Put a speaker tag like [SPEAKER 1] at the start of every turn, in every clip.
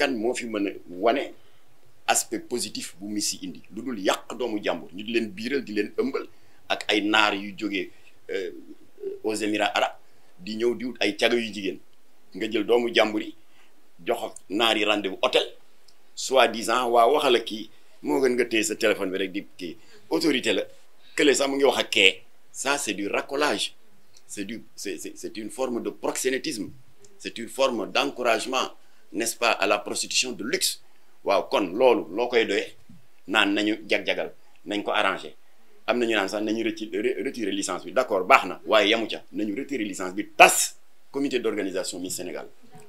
[SPEAKER 1] kan moo fi mën a wane aspect positif bu Messi indi lu dul yàq doomu jàmbur ñu di leen biiral di leen ëmbal ak ay naar yu jóge euh, aux Émirats di ñëw di wut ay caga yu jigéen nga jël doomu jàmbur yi jox naar yi rendez-vous soi-disant waaw waxal ak kii moo gën nga téye sa téléphone bi rek di kii autorité la kële sax mu ngi wax ak kee ça c'est du racolage c'est du c'est une forme de proxénétisme c'est une forme d'encouragement n'est-ce pas à la prostitution de luxe waaw kon loolu loo koy doyee naan nañu jag-jagal nañ ko arrangé am nañu naan sax nañu retirer licence bi d'accord baax na waaye yamu ca nañu retirer licence bi tas comité d'organisation Miss Sénégal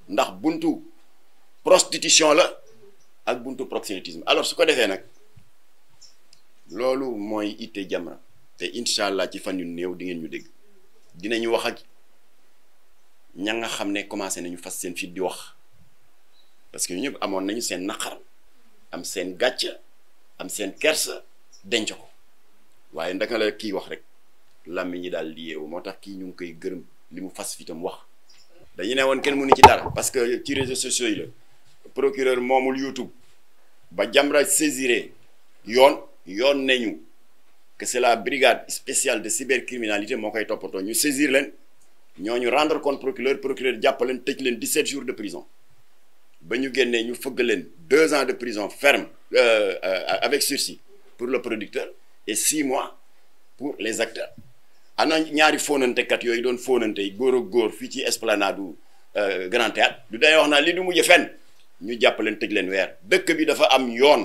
[SPEAKER 1] ndax buntu prostitution la ak buntu proxénétisme alors su ko defee nag loolu mooy itte Jamra te incha allah ci fan yu néew di ngeen ñu dégg dinañu wax ak ña nga xam ne commencé nañu fas seen fit di wax parce que ñëpp amoon nañu seen naqar am seen gàcc am seen kers denc ko waaye ndaka la kiy wax rek làmmi ñi daal di yeewu moo tax kii ñu ngi koy gërëm li mu fas fi fitam wax dañu ne woon kenn mënu ci dara parce que ci réseaux sociaux yi la procureur moomul YouTube ba a saisiré yoon yoon ñu que c'est la brigade spéciale de cybercriminalité moo koy toppatoo ñu saisir leen ñooñu rendre compte procureur procureur jàpp leen tëj leen 17 jours de prison ba ñu génnee ñu fëgg leen deux ans de prison ferme euh, euh, avec sursis pour le producteur et six mois pour les acteurs ana ñaari fóonantekat yooyu doon fóonante góor góor fii ci esplanade du euh, Grand Théâtre du day wax naa lii du mujj fenn ñu jàppaleen leen tëj leen weer dëkk bi dafa am yoon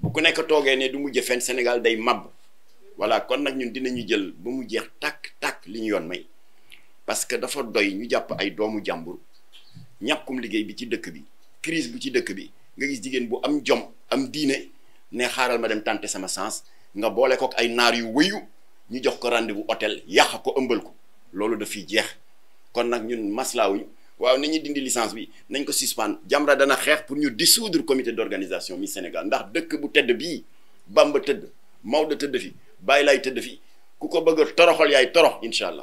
[SPEAKER 1] bu ku nekk toogee ne du mujj fenn Sénégal day màbb voilà kon nag ñun dinañu jël ba mu jeex tàkk tàkk li ñu yoon may parce que dafa doy ñu jàpp ay doomu jàmbur ñàkkum liggéey bi ci dëkk bi crise bu ci dëkk bi nga gis jigéen bu am jom am diine ne xaaral ma dem tenter sama sens nga boole kook ay naar yu wëyu ñu jox ko rendez bu hôtel yàq ko ëmbal ko loolu dafi jeex kon nag ñun maslaawuñu waaw nañu dindi licence bi nañ ko suspendre Jamra dana xeex pour ñu dissoudre comité d'organisation Miss Sénégal ndax dëkk bu tedd bii Bamba tëdd Maodo tëdd fi Baye Laye tëdd fi ku ko bëgg a toroxal yaay torox incha allah.